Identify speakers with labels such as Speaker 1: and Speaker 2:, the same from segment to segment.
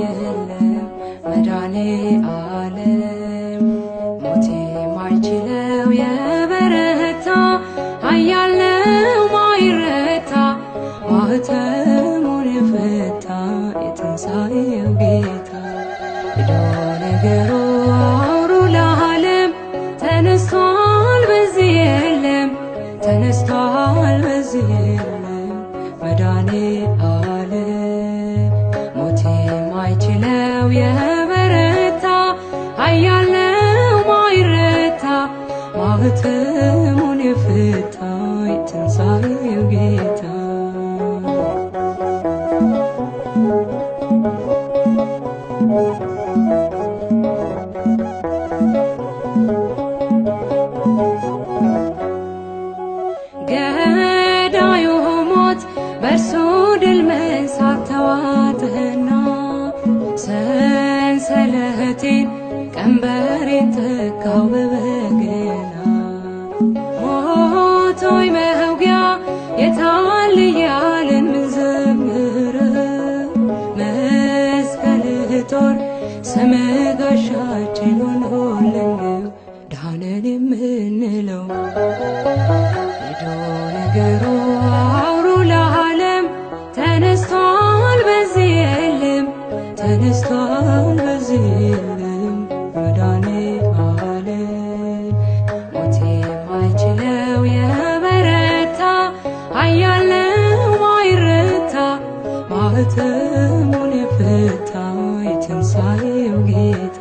Speaker 1: የለም መዳኔ አለም ሞቴ ማይችለው የበረታ አያለው ማይረታ ማህተሙን የፈታ የትንሣኤው ጌታ ሄዶ ነገሩ አውሩ ለዓለም ተነስቷል በዚህ የለም ተነስቷል በዚህ የለም መዳኔ የበረታ ኃያል ነው ማይረታ ማኅተሙን የፈታ የትንሣኤው ጌታ
Speaker 2: መንበሬን ተካው በበገና ሞቶይ መውጊያ የታል እያልን ምንዘምር መስቀልህ ጦር ስምህ ጋሻችን ሆኖልን ዳነን የምንለው ሄዶ ነገሩ አውሩ ለዓለም ተነስቷል በዚህ የለም ተነስቷል መተሙን የፍታ የትንሣኤው ጌታ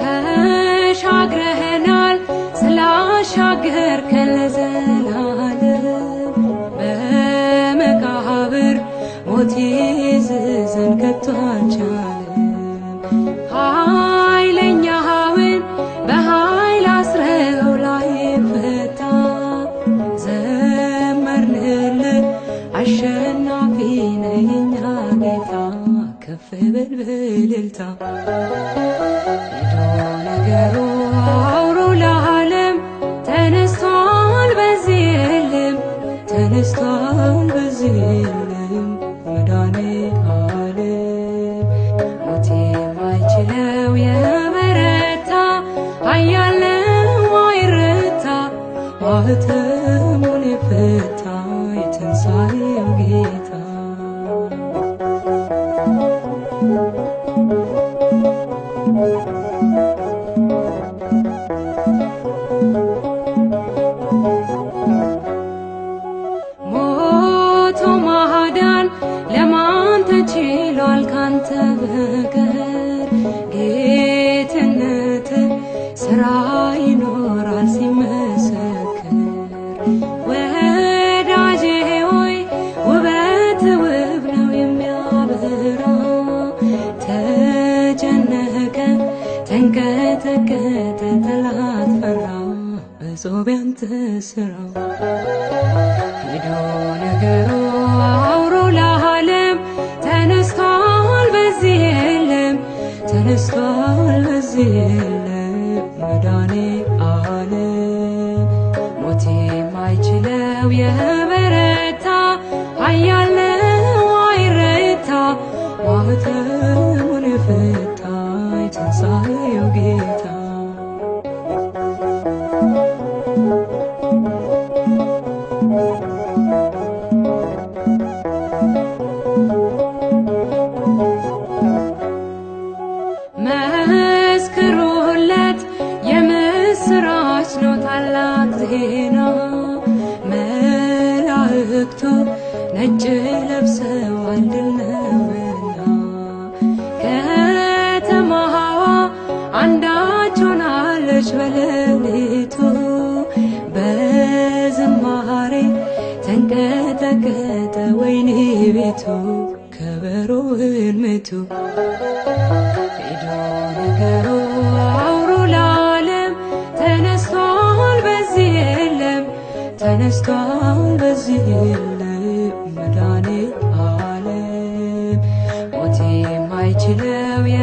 Speaker 2: ተሻግረኸናል ስላሻገርከን ለዘላለም በመቃብር ሞት ይዝዘን ከቶ ጌታ ነገሩ አውሮ ለዓለም ተነስቷል በዚህ የለም ተነስቷል በዚህ የለም መዳኔ አለ ሞት ማይችለው የበረታ አያለው አይረታ ማህተሙን የፈታ ተንቀጠቀጠ ጠላት ፈራ እጾ ቢያንተ ስራው ሄዶ ነገሩ አውሮ ለዓለም ተነስቷል በዚህ የለም ተነስቷል በዚህ የለም መዳኔ አለ ሞቴ ማይችለው የበረታ በሌሊቱ በዝማሬ ተንቀጠቀጠ ወይኔ ቤቱ ከበሮ ህልምቱ ሄዶ ነገሩ አውሩ ለዓለም ተነስቷል በዚህ የለም ተነስቷል በዚህ የለም መድኃኔ ዓለም ሞት የማይችለው የ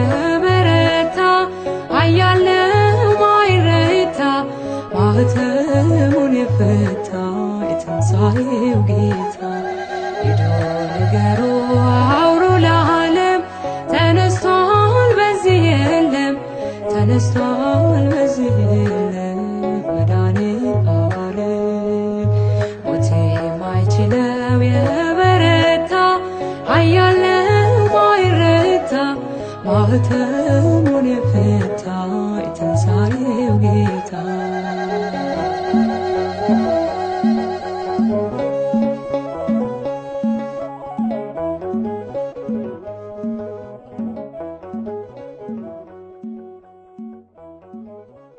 Speaker 2: የባህሪው ጌታ ሄዶ ንገሩ አውሩ ለዓለም ተነስቷል፣ በዚህ የለም ተነስቷል፣ በዚህ የለም መድኃኒተ ዓለም ሞት የማይችለው የበረታ ኃያል ማይረታ ማኅተሙን የፈታ የትንሣኤው ጌታ